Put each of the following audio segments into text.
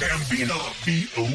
ጋቢና ቪኦኤ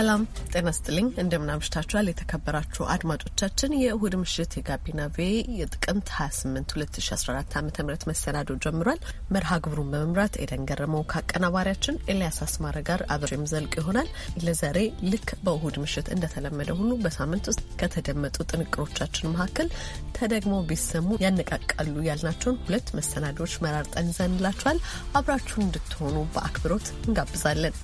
ሰላም ጤና ስጥልኝ። እንደምናምሽታችኋል የተከበራችሁ አድማጮቻችን የእሁድ ምሽት የጋቢና ቬ የጥቅምት 28 2014 ዓ ም መሰናዶ ጀምሯል። መርሃ ግብሩን በመምራት ኤደን ገረመው ከአቀናባሪያችን ኤልያስ አስማረ ጋር አብሬም ዘልቅ ይሆናል። ለዛሬ ልክ በእሁድ ምሽት እንደተለመደ ሁሉ በሳምንት ውስጥ ከተደመጡ ጥንቅሮቻችን መካከል ተደግሞ ቢሰሙ ያነቃቃሉ ያልናቸውን ሁለት መሰናዶዎች መራርጠን ይዘንላችኋል። አብራችሁን እንድትሆኑ በአክብሮት እንጋብዛለን።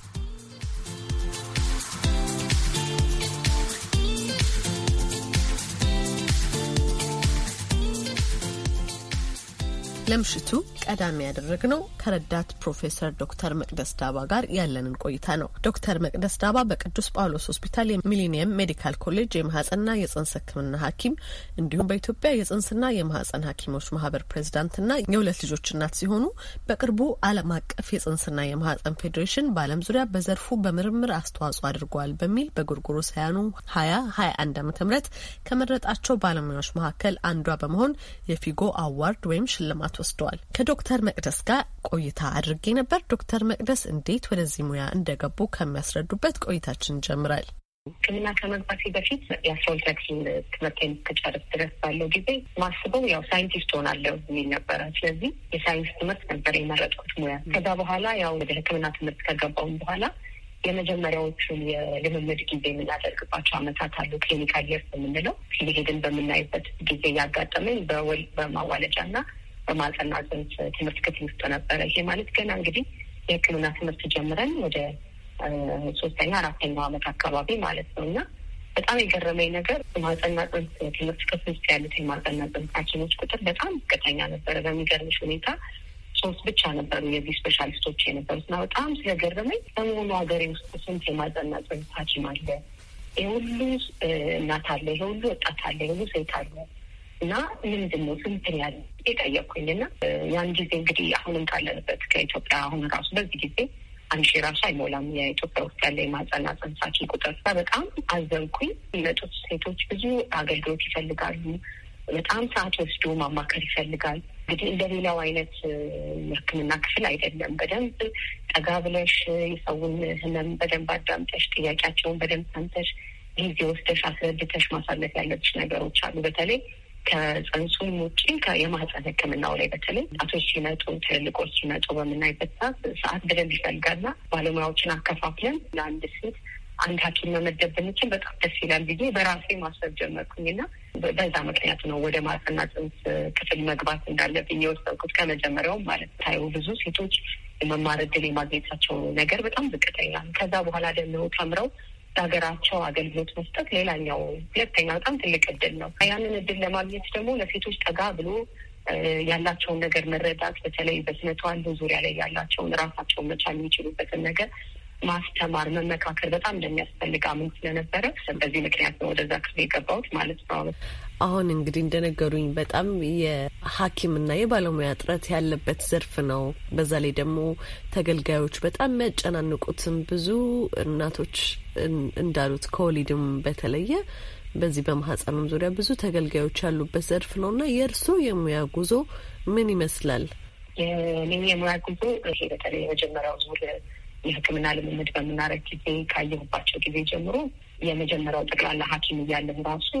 ለምሽቱ ቀዳሚ ያደረግነው ከረዳት ፕሮፌሰር ዶክተር መቅደስ ዳባ ጋር ያለንን ቆይታ ነው። ዶክተር መቅደስ ዳባ በቅዱስ ጳውሎስ ሆስፒታል የሚሊኒየም ሜዲካል ኮሌጅ የማህጸንና የጽንስ ሕክምና ሐኪም እንዲሁም በኢትዮጵያ የጽንስና የማህጸን ሐኪሞች ማህበር ፕሬዚዳንትና የሁለት ልጆች እናት ሲሆኑ በቅርቡ ዓለም አቀፍ የጽንስና የማህጸን ፌዴሬሽን በዓለም ዙሪያ በዘርፉ በምርምር አስተዋጽኦ አድርገዋል በሚል ሳያኑ ሀያ ሀያ አንድ ዓመተ ምህረት ከመረጣቸው ባለሙያዎች መካከል አንዷ በመሆን የፊጎ አዋርድ ወይም ሽልማቱ ትምህርት ወስደዋል። ከዶክተር መቅደስ ጋር ቆይታ አድርጌ ነበር። ዶክተር መቅደስ እንዴት ወደዚህ ሙያ እንደገቡ ከሚያስረዱበት ቆይታችን ጀምራል። ሕክምና ከመግባቴ በፊት የአስራ ሁለተኛ ክፍል ትምህርቴን እስከጨርስ ድረስ ባለው ጊዜ ማስበው ያው ሳይንቲስት ሆናለሁ የሚል ነበረ። ስለዚህ የሳይንስ ትምህርት ነበር የመረጥኩት ሙያ። ከዛ በኋላ ያው ወደ ሕክምና ትምህርት ከገባውም በኋላ የመጀመሪያዎቹን የልምምድ ጊዜ የምናደርግባቸው አመታት አሉ። ክሊኒካል የርስ የምንለው ሊሄድን በምናይበት ጊዜ ያጋጠመኝ በወል በማዋለጃ እና በማህፀንና ጽንስ ትምህርት ክፍል ውስጥ ነበረ። ይሄ ማለት ገና እንግዲህ የሕክምና ትምህርት ጀምረን ወደ ሶስተኛ አራተኛው ዓመት አካባቢ ማለት ነው እና በጣም የገረመኝ ነገር ማጸና ጽንስ ትምህርት ክፍል ውስጥ ያሉት የማጸና ጽንስ ሐኪሞች ቁጥር በጣም ዝቅተኛ ነበረ። በሚገርምሽ ሁኔታ ሶስት ብቻ ነበሩ የዚህ ስፔሻሊስቶች የነበሩት እና በጣም ስለገረመኝ በሙሉ ሀገሬ ውስጥ ስንት የማጸና ጽንስ ሐኪም አለ? የሁሉ እናት አለ፣ የሁሉ ወጣት አለ፣ የሁሉ ሴት አለ እና ምንድን ነው ስንትን ያለ የጠየቅኩኝ ና ያን ጊዜ እንግዲህ አሁንም ካለንበት ከኢትዮጵያ አሁን ራሱ በዚህ ጊዜ አንድ ሺህ ራሱ አይሞላም የኢትዮጵያ ውስጥ ያለ የማጸና ጽንሳች ቁጥር በጣም አዘንኩኝ። የሚመጡት ሴቶች ብዙ አገልግሎት ይፈልጋሉ። በጣም ሰዓት ወስዶ ማማከር ይፈልጋል። እንግዲህ እንደ ሌላው አይነት ሕክምና ክፍል አይደለም። በደንብ ጠጋ ብለሽ የሰውን ህመም በደንብ አዳምጠሽ፣ ጥያቄያቸውን በደንብ ሰምተሽ፣ ጊዜ ወስደሽ አስረድተሽ ማሳለፍ ያለብሽ ነገሮች አሉ። በተለይ ከጽንሱም ውጭ የማህፀን ሕክምናው ላይ በተለይ አቶች ሲመጡ ትልልቆች ሲመጡ በምናይበት ሰዓት ሰዓት በደንብ ይፈልጋልና ባለሙያዎችን አከፋፍለን ለአንድ ሴት አንድ ሐኪም መመደብ ብንችል በጣም ደስ ይላል ብዬ በራሴ ማሰብ ጀመርኩኝና በዛ ምክንያት ነው ወደ ማህፀንና ጽንስ ክፍል መግባት እንዳለብኝ የወሰንኩት ከመጀመሪያውም ማለት ታየው ብዙ ሴቶች የመማር እድል የማግኘታቸው ነገር በጣም ዝቅተኛል። ከዛ በኋላ ደግሞ ተምረው ለሀገራቸው አገልግሎት መስጠት ሌላኛው ሁለተኛ በጣም ትልቅ እድል ነው። ያንን እድል ለማግኘት ደግሞ ለሴቶች ጠጋ ብሎ ያላቸውን ነገር መረዳት በተለይ በስነ ተዋልዶ ዙሪያ ላይ ያላቸውን ራሳቸውን መቻል የሚችሉበትን ነገር ማስተማር፣ መመካከር በጣም እንደሚያስፈልግ አምን ስለነበረ በዚህ ምክንያት ነው ወደዛ ክፍል የገባሁት ማለት ነው። አሁን እንግዲህ እንደነገሩኝ በጣም የሐኪምና የባለሙያ እጥረት ያለበት ዘርፍ ነው። በዛ ላይ ደግሞ ተገልጋዮች በጣም የሚያጨናንቁትን ብዙ እናቶች እንዳሉት ከወሊድም በተለየ በዚህ በማህፀኑም ዙሪያ ብዙ ተገልጋዮች ያሉበት ዘርፍ ነው እና የእርስዎ የሙያ ጉዞ ምን ይመስላል? የኔ የሙያ ጉዞ ይሄ በተለይ የመጀመሪያው ዙር የሕክምና ልምምድ በምናረግ ጊዜ ካየሁባቸው ጊዜ ጀምሮ የመጀመሪያው ጠቅላላ ሐኪም እያለሁ ራሱ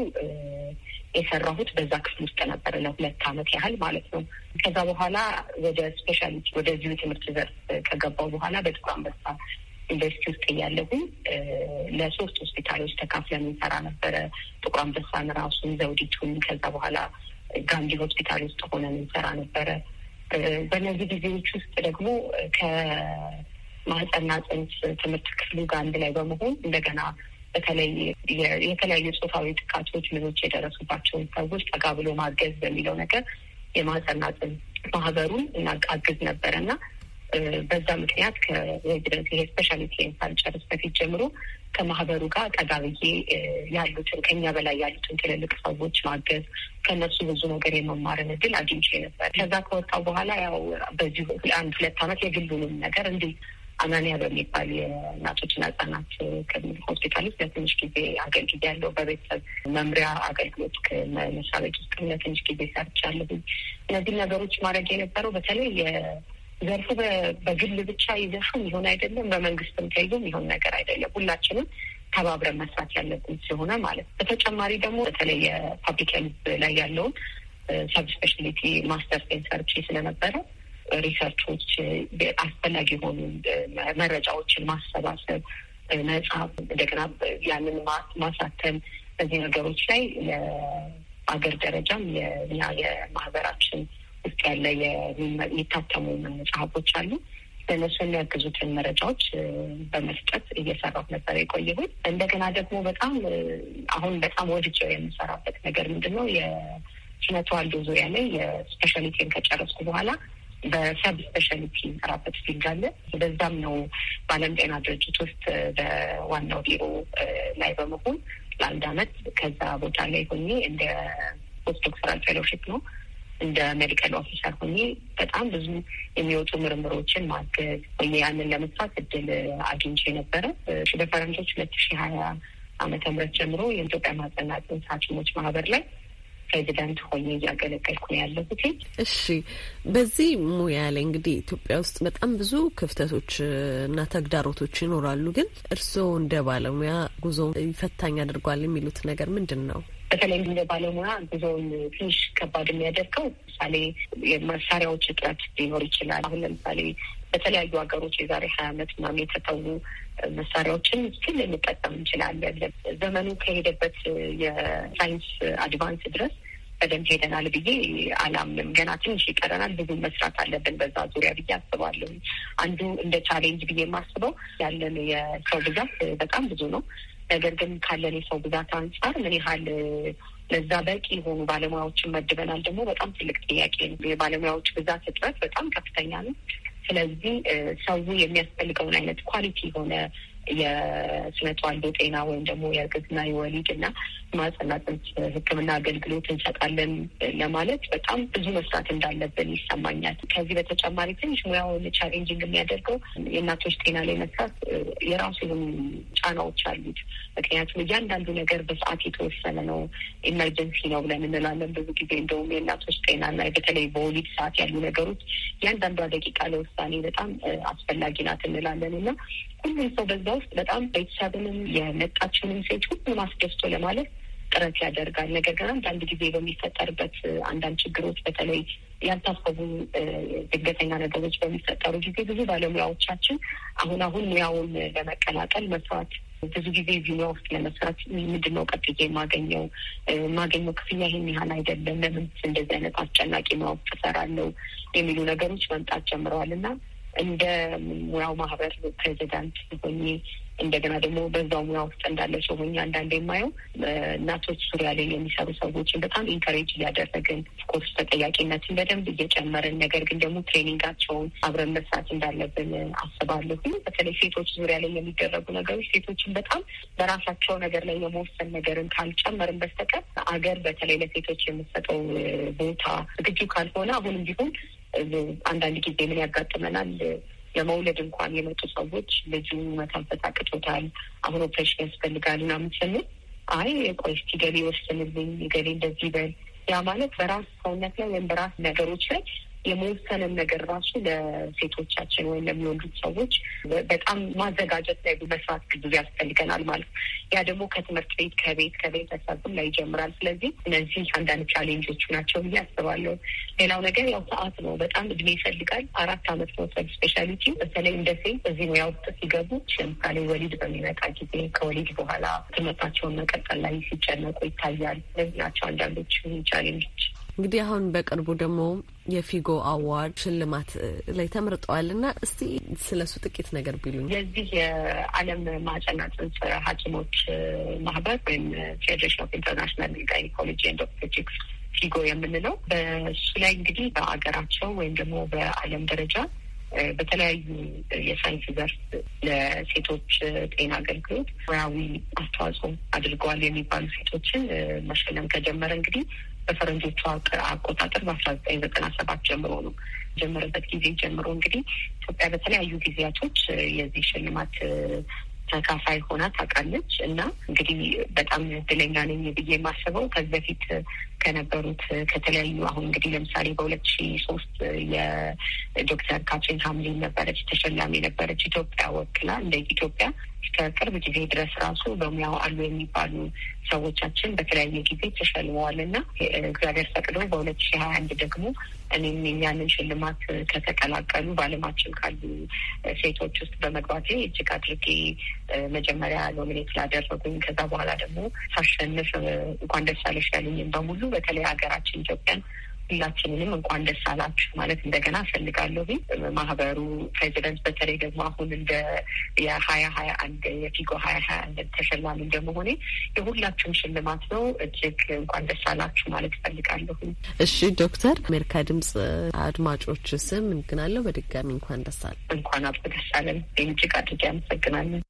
የሰራሁት በዛ ክፍል ውስጥ ነበር ለሁለት አመት ያህል ማለት ነው። ከዛ በኋላ ወደ ስፔሻሊቲ ወደዚሁ ትምህርት ዘርፍ ከገባው በኋላ በጥቁር አንበሳ ዩኒቨርሲቲ ውስጥ እያለሁኝ ለሶስት ሆስፒታሎች ተካፍለን እንሰራ ነበረ። ጥቁር አንበሳን ራሱን፣ ዘውዲቱን ከዛ በኋላ ጋንዲ ሆስፒታል ውስጥ ሆነን እንሰራ ነበረ። በእነዚህ ጊዜዎች ውስጥ ደግሞ ማህፀንና ጽንስ ትምህርት ክፍሉ ጋር አንድ ላይ በመሆን እንደገና በተለይ የተለያዩ ጾታዊ ጥቃቶች ምኖች የደረሱባቸውን ሰዎች ጠጋ ብሎ ማገዝ በሚለው ነገር የማህፀንና ጽንስ ማህበሩን እናግዝ ነበረ እና በዛ ምክንያት ከሬዚደንስ ይሄ ስፔሻሊቲ ሳልጨርስ በፊት ጀምሮ ከማህበሩ ጋር ጠጋ ብዬ ያሉትን ከኛ በላይ ያሉትን ትልልቅ ሰዎች ማገዝ ከነሱ ብዙ ነገር የመማርን እድል አግኝቼ ነበር። ከዛ ከወጣው በኋላ ያው በዚሁ አንድ ሁለት ዓመት የግሉንም ነገር እንዲህ አማንያ በሚባል የእናቶችና ህጻናት ከሚል ሆስፒታል ውስጥ ለትንሽ ጊዜ አገልግል ያለው በቤተሰብ መምሪያ አገልግሎት ከመነሳ ቤት ውስጥ ለትንሽ ጊዜ ሰርቻለሁ። እነዚህ ነገሮች ማድረግ የነበረው በተለይ የዘርፉ በግል ብቻ ይዘፉም ይሆን አይደለም፣ በመንግስትም ተይዞም ይሆን ነገር አይደለም። ሁላችንም ተባብረን መስራት ያለብን ስለሆነ ማለት ነው። በተጨማሪ ደግሞ በተለይ የፓብሊክ ሄልዝ ላይ ያለውን ሰብ ማስተር ሴንሰር ስለነበረ ሪሰርቾች፣ አስፈላጊ የሆኑ መረጃዎችን ማሰባሰብ፣ መጽሐፍ፣ እንደገና ያንን ማሳተም በዚህ ነገሮች ላይ የአገር ደረጃም የኛ የማህበራችን ውስጥ ያለ የሚታተሙ መጽሐፎች አሉ። በነሱ የሚያግዙትን መረጃዎች በመስጠት እየሰራሁ ነበር የቆየሁት። እንደገና ደግሞ በጣም አሁን በጣም ወድጀው የምሰራበት ነገር ምንድን ነው? የስነ ተዋልዶ ዙሪያ ላይ የስፔሻሊቲን ከጨረስኩ በኋላ በሰብ ስፔሻሊቲ ራበት ፊልድ አለ። በዛም ነው በዓለም ጤና ድርጅት ውስጥ በዋናው ቢሮ ላይ በመሆን ለአንድ አመት ከዛ ቦታ ላይ ሆኜ እንደ ፖስት ዶክተራል ፌሎሺፕ ነው እንደ ሜዲካል ኦፊሰር ሆኜ በጣም ብዙ የሚወጡ ምርምሮችን ማገዝ ወይ ያንን ለመስራት እድል አግኝቼ ነበረ። በፈረንጆች ሁለት ሺ ሀያ አመተ ምህረት ጀምሮ የኢትዮጵያ ማህጸንና ጽንስ ሐኪሞች ማህበር ላይ ፕሬዚዳንት ሆኜ እያገለገልኩ ነው ያለሁት። እሺ፣ በዚህ ሙያ ላይ እንግዲህ ኢትዮጵያ ውስጥ በጣም ብዙ ክፍተቶች እና ተግዳሮቶች ይኖራሉ። ግን እርስዎ እንደ ባለሙያ ጉዞ ፈታኝ አድርጓል የሚሉት ነገር ምንድን ነው? በተለይ እንደ ባለሙያ ጉዞውን ትንሽ ከባድ የሚያደርገው ምሳሌ የመሳሪያዎች እጥረት ሊኖር ይችላል። አሁን ለምሳሌ በተለያዩ ሀገሮች የዛሬ ሀያ ዓመት ምናምን የተተዉ መሳሪያዎችን ስል ልንጠቀም እንችላለን። ዘመኑ ከሄደበት የሳይንስ አድቫንስ ድረስ በደንብ ሄደናል ብዬ አላምንም። ገና ትንሽ ይቀረናል፣ ብዙ መስራት አለብን በዛ ዙሪያ ብዬ አስባለሁ። አንዱ እንደ ቻሌንጅ ብዬ የማስበው ያለን የሰው ብዛት በጣም ብዙ ነው። ነገር ግን ካለን የሰው ብዛት አንጻር ምን ያህል ለዛ በቂ የሆኑ ባለሙያዎችን መድበናል ደግሞ በጣም ትልቅ ጥያቄ ነው። የባለሙያዎች ብዛት እጥረት በጣም ከፍተኛ ነው። ስለዚህ ሰው የሚያስፈልገውን አይነት ኳሊቲ የሆነ የስነ ተዋልዶ ጤና ወይም ደግሞ የእርግዝና የወሊድ እና ማህጸንና ጽንስ ሕክምና አገልግሎት እንሰጣለን ለማለት በጣም ብዙ መስራት እንዳለብን ይሰማኛል። ከዚህ በተጨማሪ ትንሽ ሙያውን ቻሌንጂንግ የሚያደርገው የእናቶች ጤና ላይ መስራት የራሱ የሆኑ ጫናዎች አሉት። ምክንያቱም እያንዳንዱ ነገር በሰዓት የተወሰነ ነው። ኢመርጀንሲ ነው ብለን እንላለን ብዙ ጊዜ እንደውም የእናቶች ጤናና በተለይ በወሊድ ሰዓት ያሉ ነገሮች እያንዳንዷ ደቂቃ ለውሳኔ በጣም አስፈላጊ ናት እንላለን እና ሁሉም ሰው በዛ ውስጥ በጣም ቤተሰብንም የመጣችንም ሴት ሁሉም አስደስቶ ለማለት ጥረት ያደርጋል። ነገር ግን አንዳንድ ጊዜ በሚፈጠርበት አንዳንድ ችግሮች በተለይ ያልታሰቡ ድንገተኛ ነገሮች በሚፈጠሩ ጊዜ ብዙ ባለሙያዎቻችን አሁን አሁን ሙያውን ለመቀላቀል መስዋዕት ብዙ ጊዜ እዚህ ሙያ ውስጥ ለመስራት ምንድን ነው ቀጥዬ የማገኘው የማገኘው ክፍያ ይህን ያህል አይደለም፣ ለምን እንደዚህ አይነት አስጨናቂ ሙያ ውስጥ እሰራለሁ የሚሉ ነገሮች መምጣት ጀምረዋል እና እንደ ሙያው ማህበር ፕሬዚዳንት ሆኜ እንደገና ደግሞ በዛው ሙያ ውስጥ እንዳለ ሰው ሆኜ የማየው እናቶች ዙሪያ ላይ የሚሰሩ ሰዎችን በጣም ኢንከሬጅ እያደረግን ኮርስ ተጠያቂነትን በደንብ እየጨመርን ነገር ግን ደግሞ ትሬኒንጋቸውን አብረን መስራት እንዳለብን አስባለሁ። በተለይ ሴቶች ዙሪያ ላይ የሚደረጉ ነገሮች ሴቶችን በጣም በራሳቸው ነገር ላይ የመወሰን ነገርን ካልጨመርን በስተቀር አገር በተለይ ለሴቶች የምሰጠው ቦታ ዝግጁ ካልሆነ አሁንም ቢሆን አንዳንድ ጊዜ ምን ያጋጥመናል? ለመውለድ እንኳን የመጡ ሰዎች ልጁ መተንፈስ አቅቶታል፣ አሁን ኦፕሬሽን ያስፈልጋል ምናምን ስንል አይ ቆይ እስኪ ገሌ ወስንልኝ፣ ገሌ እንደዚህ በል። ያ ማለት በራስ ሰውነት ላይ ወይም በራስ ነገሮች ላይ የመወሰንን ነገር ራሱ ለሴቶቻችን ወይም ለሚወልዱት ሰዎች በጣም ማዘጋጀት ላይ መስራት ብዙ ያስፈልገናል ማለት ያ ደግሞ ከትምህርት ቤት ከቤት ከቤተሰብም ላይ ይጀምራል። ስለዚህ እነዚህ አንዳንድ ቻሌንጆቹ ናቸው ብዬ አስባለሁ። ሌላው ነገር ያው ሰዓት ነው። በጣም እድሜ ይፈልጋል። አራት አመት መውሰድ ስፔሻሊቲ በተለይ እንደ ሴት እዚህ ሙያ ውስጥ ሲገቡ ለምሳሌ ወሊድ በሚመጣ ጊዜ ከወሊድ በኋላ ትምህርታቸውን መቀጠል ላይ ሲጨነቁ ይታያል። እነዚህ ናቸው አንዳንዶች ቻሌንጆች። እንግዲህ አሁን በቅርቡ ደግሞ የፊጎ አዋርድ ሽልማት ላይ ተመርጠዋል እና እስቲ ስለሱ ጥቂት ነገር ቢሉኝ። የዚህ የዓለም ማህጸንና ጽንስ ሐኪሞች ማህበር ወይም ፌዴሬሽን ኦፍ ኢንተርናሽናል ጋይኒኮሎጂ ኤንድ ኦብስቴትሪክስ ፊጎ የምንለው በሱ ላይ እንግዲህ በአገራቸው ወይም ደግሞ በዓለም ደረጃ በተለያዩ የሳይንስ ዘርፍ ለሴቶች ጤና አገልግሎት ሙያዊ አስተዋጽኦ አድርገዋል የሚባሉ ሴቶችን መሸለም ከጀመረ እንግዲህ በፈረንጆቹ አቆጣጠር በአስራ ዘጠኝ ዘጠና ሰባት ጀምሮ ነው። ጀመረበት ጊዜ ጀምሮ እንግዲህ ኢትዮጵያ በተለያዩ ጊዜያቶች የዚህ ሽልማት ተካፋይ ሆና ታውቃለች እና እንግዲህ በጣም እድለኛ ነኝ ብዬ የማስበው ከዚህ በፊት ከነበሩት ከተለያዩ አሁን እንግዲህ ለምሳሌ በሁለት ሺ ሶስት የዶክተር ካትሪን ሀምሊን ነበረች ተሸላሚ ነበረች ኢትዮጵያ ወክላ እንደ ኢትዮጵያ እስከ ቅርብ ጊዜ ድረስ ራሱ በሙያው አሉ የሚባሉ ሰዎቻችን በተለያየ ጊዜ ተሸልመዋል እና እግዚአብሔር ፈቅዶ በሁለት ሺ ሀያ አንድ ደግሞ እኔም ያንን ሽልማት ከተቀላቀሉ በዓለማችን ካሉ ሴቶች ውስጥ በመግባቴ እጅግ አድርጌ መጀመሪያ ኖሚኔት ላደረጉኝ ከዛ በኋላ ደግሞ ሳሸንፍ እንኳን ደስ አለሽ ያሉኝም በሙሉ በተለይ ሀገራችን ኢትዮጵያን ሁላችንንም እንኳን ደስ አላችሁ ማለት እንደገና እፈልጋለሁ። ግን ማህበሩ ፕሬዚደንት በተለይ ደግሞ አሁን እንደ የሀያ ሀያ አንድ የፊጎ ሀያ ሀያ አንድ ተሸላሚ እንደመሆኔ የሁላችሁም ሽልማት ነው። እጅግ እንኳን ደስ አላችሁ ማለት እፈልጋለሁ። እሺ ዶክተር አሜሪካ ድምጽ አድማጮች ስም እንግናለሁ በድጋሚ እንኳን ደስ አለ እንኳን አብ ደስ አለን። እጅግ አድርጌ አመሰግናለን።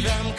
Ram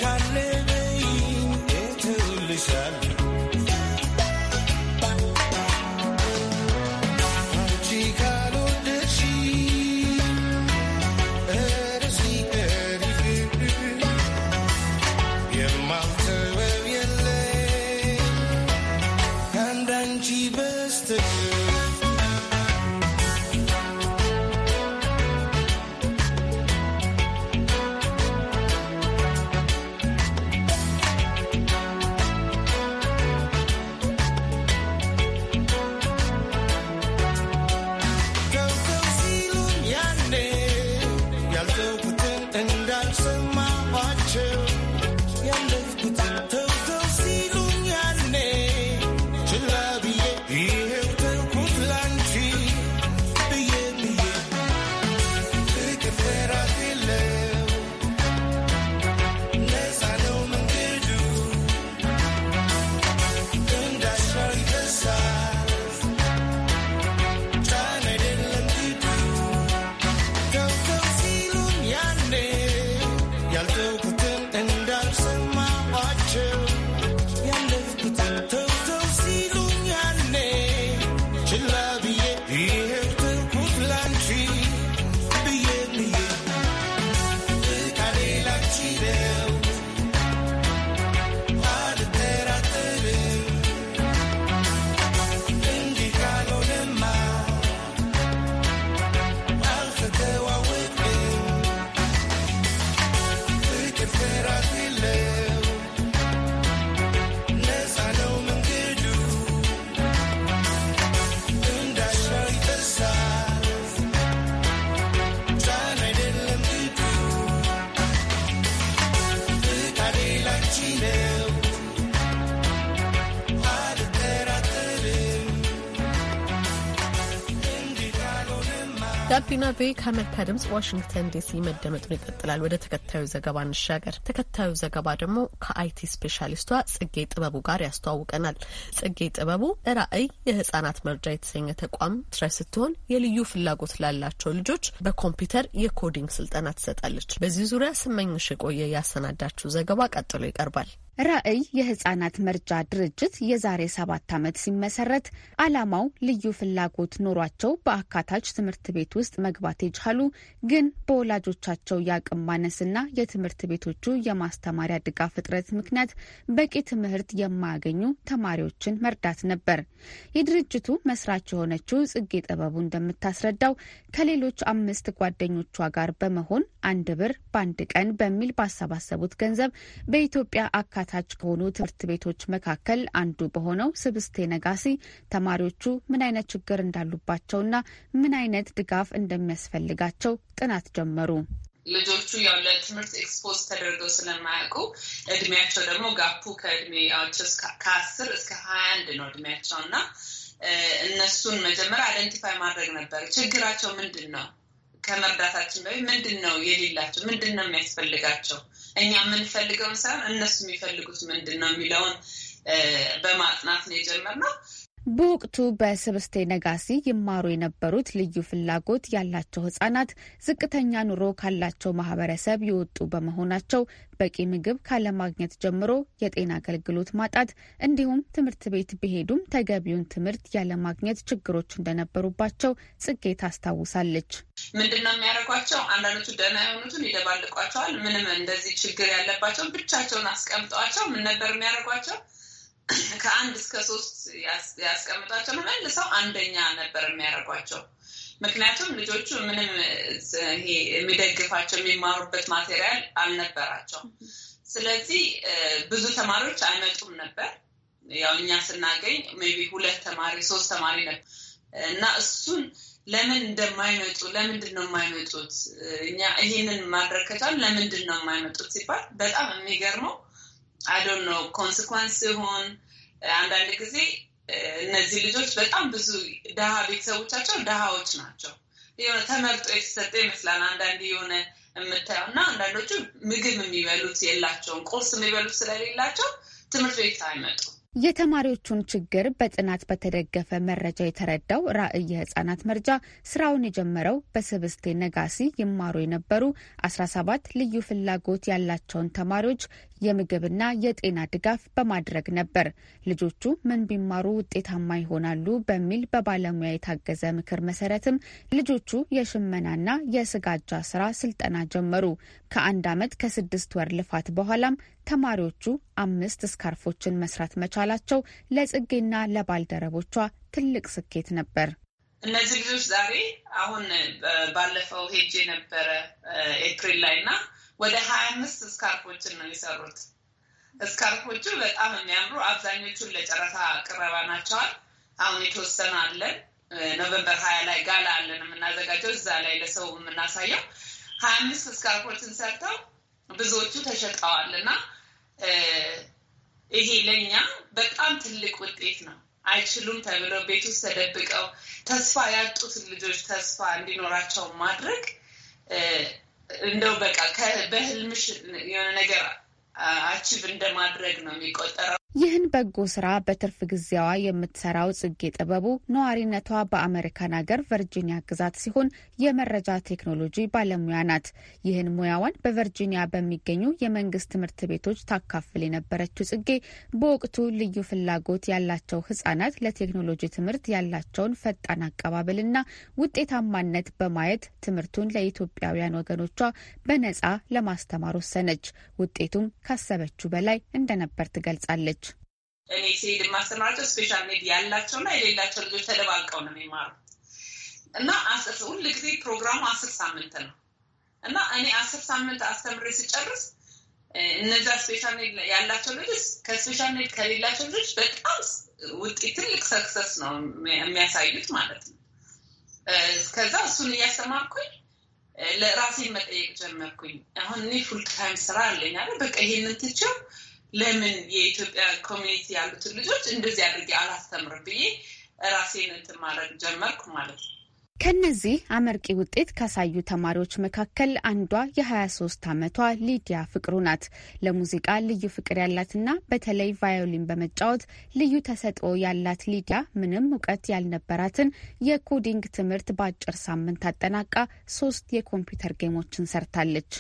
ጋቢና ቬ ከአሜሪካ ድምጽ ዋሽንግተን ዲሲ መደመጡን ይቀጥላል። ወደ ተከታዩ ዘገባ እንሻገር። ተከታዩ ዘገባ ደግሞ ከአይቲ ስፔሻሊስቷ ጽጌ ጥበቡ ጋር ያስተዋውቀናል። ጽጌ ጥበቡ ራዕይ የህጻናት መርጃ የተሰኘ ተቋም ትረስ ስትሆን የልዩ ፍላጎት ላላቸው ልጆች በኮምፒውተር የኮዲንግ ስልጠና ትሰጣለች። በዚህ ዙሪያ ስመኝሽ የቆየ ያሰናዳችው ዘገባ ቀጥሎ ይቀርባል። ራዕይ የህጻናት መርጃ ድርጅት የዛሬ ሰባት ዓመት ሲመሰረት ዓላማው ልዩ ፍላጎት ኖሯቸው በአካታች ትምህርት ቤት ውስጥ መግባት የቻሉ ግን በወላጆቻቸው የአቅም ማነስና የትምህርት ቤቶቹ የማስተማሪያ ድጋፍ እጥረት ምክንያት በቂ ትምህርት የማያገኙ ተማሪዎችን መርዳት ነበር። የድርጅቱ መስራች የሆነችው ጽጌ ጥበቡ እንደምታስረዳው ከሌሎች አምስት ጓደኞቿ ጋር በመሆን አንድ ብር በአንድ ቀን በሚል ባሰባሰቡት ገንዘብ በኢትዮጵያ አካታ በታች ከሆኑ ትምህርት ቤቶች መካከል አንዱ በሆነው ስብስቴ ነጋሲ ተማሪዎቹ ምን አይነት ችግር እንዳሉባቸውና ምን አይነት ድጋፍ እንደሚያስፈልጋቸው ጥናት ጀመሩ። ልጆቹ ያው ለትምህርት ኤክስፖዝ ተደርገው ስለማያውቁ እድሜያቸው ደግሞ ጋፑ ከእድሜያቸው ከአስር እስከ ሀያ አንድ ነው እድሜያቸው እና እነሱን መጀመሪያ አይደንቲፋይ ማድረግ ነበር ችግራቸው ምንድን ነው ከመርዳታችን በፊት ምንድን ነው የሌላቸው፣ ምንድን ነው የሚያስፈልጋቸው፣ እኛ የምንፈልገውን ሳይሆን እነሱ የሚፈልጉት ምንድን ነው የሚለውን በማጥናት ነው የጀመርነው። በወቅቱ በስብስቴ ነጋሲ ይማሩ የነበሩት ልዩ ፍላጎት ያላቸው ህጻናት ዝቅተኛ ኑሮ ካላቸው ማህበረሰብ የወጡ በመሆናቸው በቂ ምግብ ካለማግኘት ጀምሮ የጤና አገልግሎት ማጣት እንዲሁም ትምህርት ቤት ቢሄዱም ተገቢውን ትምህርት ያለማግኘት ችግሮች እንደነበሩባቸው ጽጌ ታስታውሳለች። ምንድን ነው የሚያደርጓቸው? አንዳንዶቹ ደህና የሆኑትን ይደባልቋቸዋል። ምንም እንደዚህ ችግር ያለባቸውን ብቻቸውን አስቀምጠዋቸው ምን ነበር የሚያደርጓቸው? ከአንድ እስከ ሶስት ያስቀምጧቸው ነው መልሰው አንደኛ ነበር የሚያደርጓቸው። ምክንያቱም ልጆቹ ምንም የሚደግፋቸው የሚማሩበት ማቴሪያል አልነበራቸው። ስለዚህ ብዙ ተማሪዎች አይመጡም ነበር። ያው እኛ ስናገኝ ሜይ ቢ ሁለት ተማሪ ሶስት ተማሪ ነበር እና እሱን ለምን እንደማይመጡ ለምንድን ነው የማይመጡት፣ እኛ ይህንን ማድረግ ከቻል ለምንድን ነው የማይመጡት ሲባል በጣም የሚገርመው አይዶን ነው ኮንስኳንስ ሲሆን አንዳንድ ጊዜ እነዚህ ልጆች በጣም ብዙ ድሃ ቤተሰቦቻቸው ድሃዎች ናቸው። የሆነ ተመርጦ የተሰጠ ይመስላል አንዳንድ የሆነ የምታየው እና አንዳንዶቹ ምግብ የሚበሉት የላቸውም። ቁርስ የሚበሉት ስለሌላቸው ትምህርት ቤት አይመጡ። የተማሪዎቹን ችግር በጥናት በተደገፈ መረጃ የተረዳው ራዕይ ህጻናት መርጃ ስራውን የጀመረው በስብስቴ ነጋሲ ይማሩ የነበሩ 17 ልዩ ፍላጎት ያላቸውን ተማሪዎች የምግብና የጤና ድጋፍ በማድረግ ነበር። ልጆቹ ምን ቢማሩ ውጤታማ ይሆናሉ በሚል በባለሙያ የታገዘ ምክር መሰረትም ልጆቹ የሽመናና የስጋጃ ስራ ስልጠና ጀመሩ። ከአንድ ዓመት ከስድስት ወር ልፋት በኋላም ተማሪዎቹ አምስት ስካርፎችን መስራት መቻላቸው ለጽጌና ለባልደረቦቿ ትልቅ ስኬት ነበር። እነዚህ ልጆች ዛሬ አሁን ባለፈው ሄጄ ነበረ ኤፕሪል ላይ እና ወደ ሀያ አምስት ስካርፎችን ነው የሰሩት። ስካርፎቹ በጣም የሚያምሩ አብዛኞቹን ለጨረታ ቅረባ ናቸዋል። አሁን የተወሰነ አለን። ኖቨምበር ሀያ ላይ ጋላ አለን የምናዘጋጀው እዛ ላይ ለሰው የምናሳየው ሀያ አምስት ስካርፎችን ሰርተው ብዙዎቹ ተሸጠዋል እና ይሄ ለእኛ በጣም ትልቅ ውጤት ነው። አይችሉም ተብለው ቤት ውስጥ ተደብቀው ተስፋ ያጡትን ልጆች ተስፋ እንዲኖራቸው ማድረግ እንደው በቃ በህልምሽ የሆነ ነገር አቺቭ እንደማድረግ ነው የሚቆጠረው ይህን በጎ ስራ በትርፍ ጊዜዋ የምትሰራው ጽጌ ጥበቡ ነዋሪነቷ በአሜሪካን ሀገር ቨርጂኒያ ግዛት ሲሆን የመረጃ ቴክኖሎጂ ባለሙያ ናት። ይህን ሙያዋን በቨርጂኒያ በሚገኙ የመንግስት ትምህርት ቤቶች ታካፍል የነበረችው ጽጌ በወቅቱ ልዩ ፍላጎት ያላቸው ህጻናት ለቴክኖሎጂ ትምህርት ያላቸውን ፈጣን አቀባበልና ውጤታማነት በማየት ትምህርቱን ለኢትዮጵያውያን ወገኖቿ በነጻ ለማስተማር ወሰነች። ውጤቱም ካሰበችው በላይ እንደነበር ትገልጻለች። እኔ ሲሄድ የማስተምራቸው ስፔሻል ኔድ ያላቸው እና የሌላቸው ልጆች ተደባልቀው ነው የሚማሩ እና ሁል ጊዜ ፕሮግራሙ አስር ሳምንት ነው እና እኔ አስር ሳምንት አስተምሬ ስጨርስ እነዛ ስፔሻል ኔድ ያላቸው ልጆች ከስፔሻል ኔድ ከሌላቸው ልጆች በጣም ውጤት ትልቅ ሰክሰስ ነው የሚያሳዩት ማለት ነው። ከዛ እሱን እያስተማርኩኝ ለራሴን መጠየቅ ጀመርኩኝ። አሁን እኔ ፉልታይም ስራ አለኝ አለ በቃ ይሄንን ትቼው ለምን የኢትዮጵያ ኮሚኒቲ ያሉትን ልጆች እንደዚህ አድርጌ አላስተምር ብዬ ራሴን እንትን ማድረግ ጀመርኩ ማለት ነው። ከነዚህ አመርቂ ውጤት ካሳዩ ተማሪዎች መካከል አንዷ የ23 ዓመቷ ሊዲያ ፍቅሩ ናት። ለሙዚቃ ልዩ ፍቅር ያላትና በተለይ ቫዮሊን በመጫወት ልዩ ተሰጥኦ ያላት ሊዲያ ምንም እውቀት ያልነበራትን የኮዲንግ ትምህርት በአጭር ሳምንት አጠናቃ ሶስት የኮምፒውተር ጌሞችን ሰርታለች።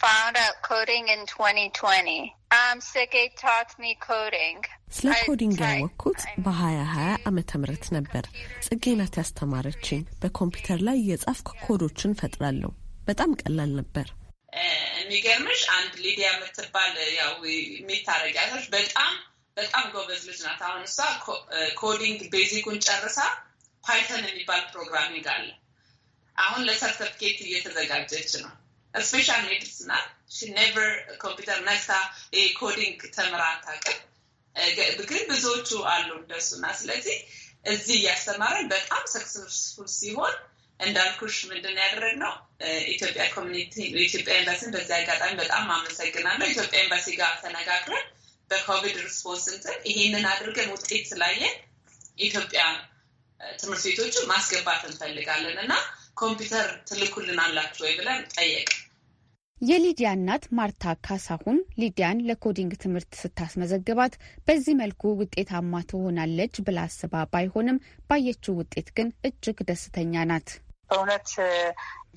found out coding in 2020. Um, Sergey taught me coding. ስለ ኮዲንግ ያወቅኩት በ2020 ዓመተ ምህረት ነበር። ጽጌ ናት ያስተማረችኝ። በኮምፒውተር ላይ የጻፍኩ ኮዶችን ፈጥራለሁ። በጣም ቀላል ነበር። የሚገርምሽ አንድ ሊዲያ የምትባል ያው የሚታረጊያቶች በጣም በጣም ጎበዝ ልጅ ናት። አሁን እሷ ኮዲንግ ቤዚኩን ጨርሳ ፓይተን የሚባል ፕሮግራሚንግ አለ። አሁን ለሰርተፍኬት እየተዘጋጀች ነው። ስፔሻል ሜድስ ናት። ኔቨር ኮምፒውተር ነክታ ኮዲንግ ተምራ አታውቅም። ግን ብዙዎቹ አሉ እንደሱ እና ስለዚህ እዚህ እያስተማረን በጣም ሰክሰስፉል ሲሆን እንዳልኩሽ ምንድን ነው ኢትዮጵያ ኮሚኒቲ ኢትዮጵያ ኤምባሲን በዚህ አጋጣሚ በጣም አመሰግናለሁ። ኢትዮጵያ ኤምባሲ ጋር ተነጋግረን በኮቪድ ሪስፖንስ እንትን ይሄንን አድርገን ውጤት ስላየን ኢትዮጵያ ትምህርት ቤቶቹ ማስገባት እንፈልጋለን እና ኮምፒውተር ትልኩልን አላችሁ ወይ ብለን ጠየቅ የሊዲያ እናት ማርታ ካሳሁን ሊዲያን ለኮዲንግ ትምህርት ስታስመዘግባት በዚህ መልኩ ውጤታማ ትሆናለች ብላ አስባ ባይሆንም ባየችው ውጤት ግን እጅግ ደስተኛ ናት። በእውነት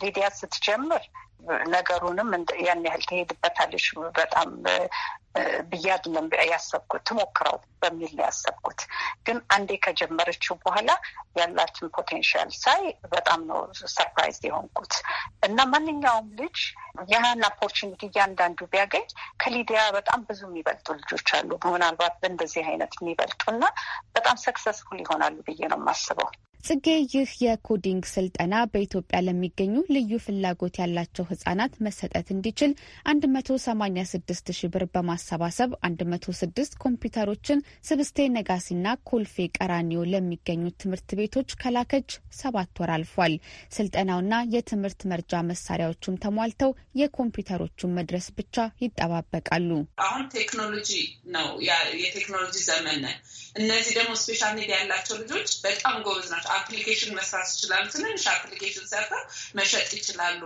ሊዲያ ስትጀምር ነገሩንም ያን ያህል ትሄድበታለች በጣም ብዬ አይደለም ያሰብኩት፣ ትሞክረው በሚል ነው ያሰብኩት። ግን አንዴ ከጀመረችው በኋላ ያላትን ፖቴንሻል ሳይ በጣም ነው ሰርፕራይዝ የሆንኩት እና ማንኛውም ልጅ ያህን ኦፖርቹኒቲ እያንዳንዱ ቢያገኝ ከሊዲያ በጣም ብዙ የሚበልጡ ልጆች አሉ፣ ምናልባት በእንደዚህ አይነት የሚበልጡ እና በጣም ሰክሰስፉል ይሆናሉ ብዬ ነው የማስበው። ጽጌ ይህ የኮዲንግ ስልጠና በኢትዮጵያ ለሚገኙ ልዩ ፍላጎት ያላቸው ህጻናት መሰጠት እንዲችል 186 ሺ ብር በማሰባሰብ 106 ኮምፒውተሮችን ስብስቴ ነጋሲና ኮልፌ ቀራኒዮ ለሚገኙ ትምህርት ቤቶች ከላከች ሰባት ወር አልፏል። ስልጠናውና የትምህርት መርጃ መሳሪያዎቹም ተሟልተው የኮምፒውተሮቹን መድረስ ብቻ ይጠባበቃሉ። አሁን ቴክኖሎጂ ነው፣ የቴክኖሎጂ ዘመን ነን። እነዚህ ደግሞ ስፔሻል ኒድ ያላቸው ልጆች በጣም ጎበዝ ናቸው። አፕሊኬሽን መስራት ይችላሉ። ትንንሽ አፕሊኬሽን ሰርተው መሸጥ ይችላሉ።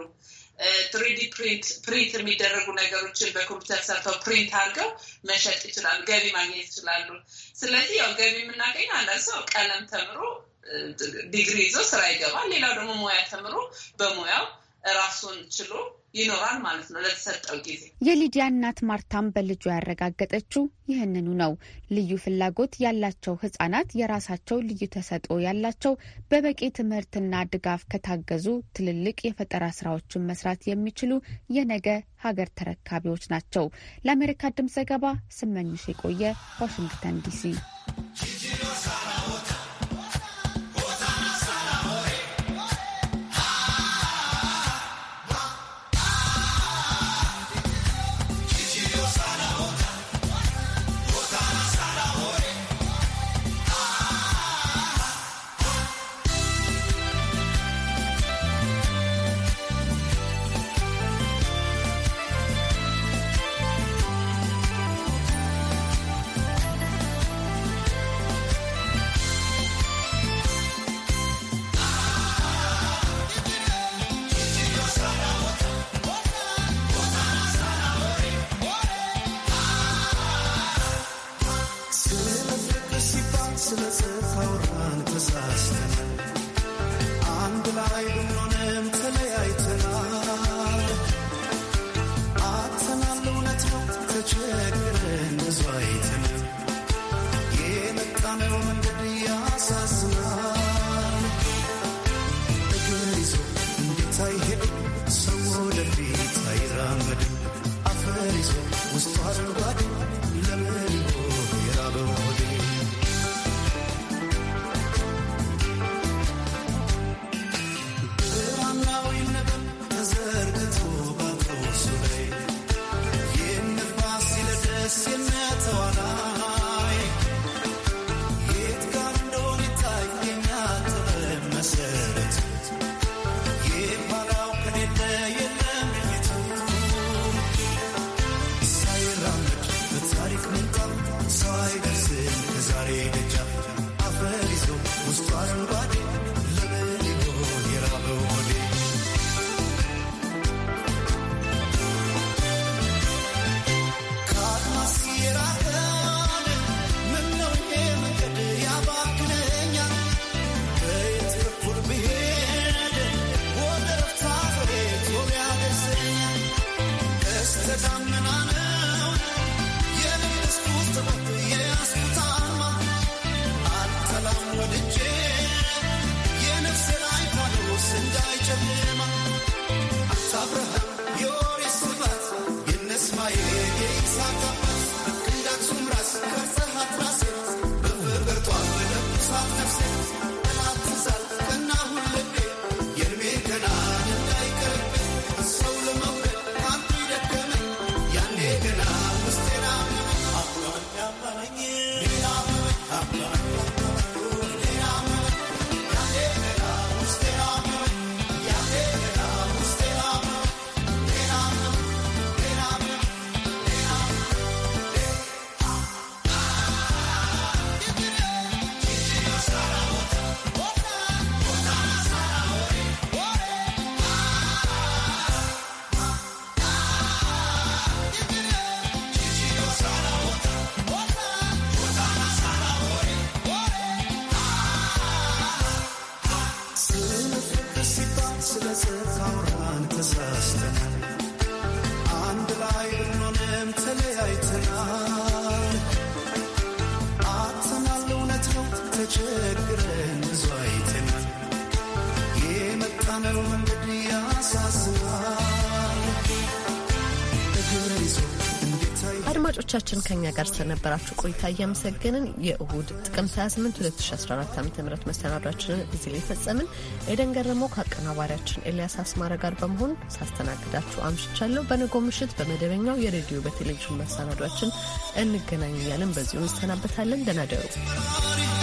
ትሪዲ ፕሪንት ፕሪንት የሚደረጉ ነገሮችን በኮምፒውተር ሰርተው ፕሪንት አድርገው መሸጥ ይችላሉ፣ ገቢ ማግኘት ይችላሉ። ስለዚህ ያው ገቢ የምናገኝ አንዳንድ ሰው ቀለም ተምሮ ዲግሪ ይዞ ስራ ይገባል። ሌላው ደግሞ ሙያ ተምሮ በሙያው ራሱን ችሎ ይኖራል ማለት ነው ለተሰጠው ጊዜ። የሊዲያ እናት ማርታም በልጇ ያረጋገጠችው ይህንኑ ነው። ልዩ ፍላጎት ያላቸው ህጻናት የራሳቸው ልዩ ተሰጥኦ ያላቸው በበቂ ትምህርትና ድጋፍ ከታገዙ ትልልቅ የፈጠራ ስራዎችን መስራት የሚችሉ የነገ ሀገር ተረካቢዎች ናቸው። ለአሜሪካ ድምጽ ዘገባ ስመኝሽ የቆየ ዋሽንግተን ዲሲ። body. አድማጮቻችን ከኛ ጋር ስለነበራችሁ ቆይታ እያመሰገንን የእሁድ ጥቅምት 28 2014 ዓ ም መሰናዷችንን እዚህ ላይ ፈጸምን። ኤደን ገረመው ከአቀናባሪያችን ኤልያስ አስማረ ጋር በመሆን ሳስተናግዳችሁ አምሽቻለሁ። በነገው ምሽት በመደበኛው የሬዲዮ በቴሌቪዥን መሰናዷችን እንገናኛለን። በዚሁ እንሰናበታለን። ደናደሩ ደሩ።